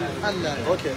Allah. Okay.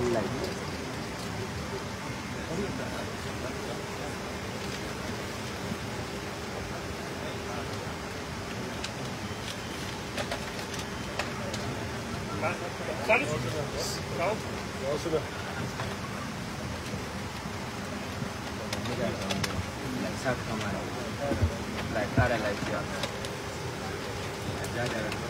unlike Black car like that.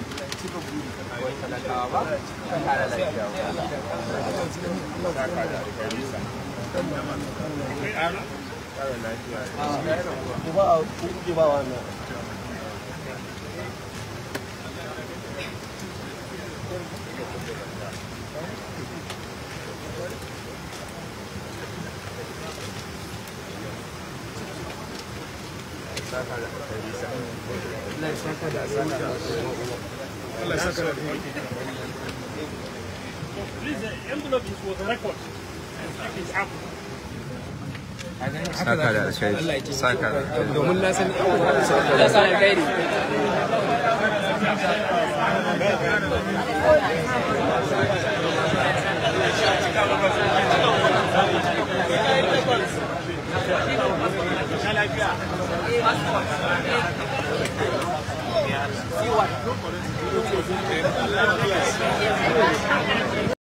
cika buri kawai talakawa a Thank you. Allah ya saka da Please, envelope is for the record. It's up. saka da alkhairi saka da domin na san da san alkhairi Thank you. sí wà.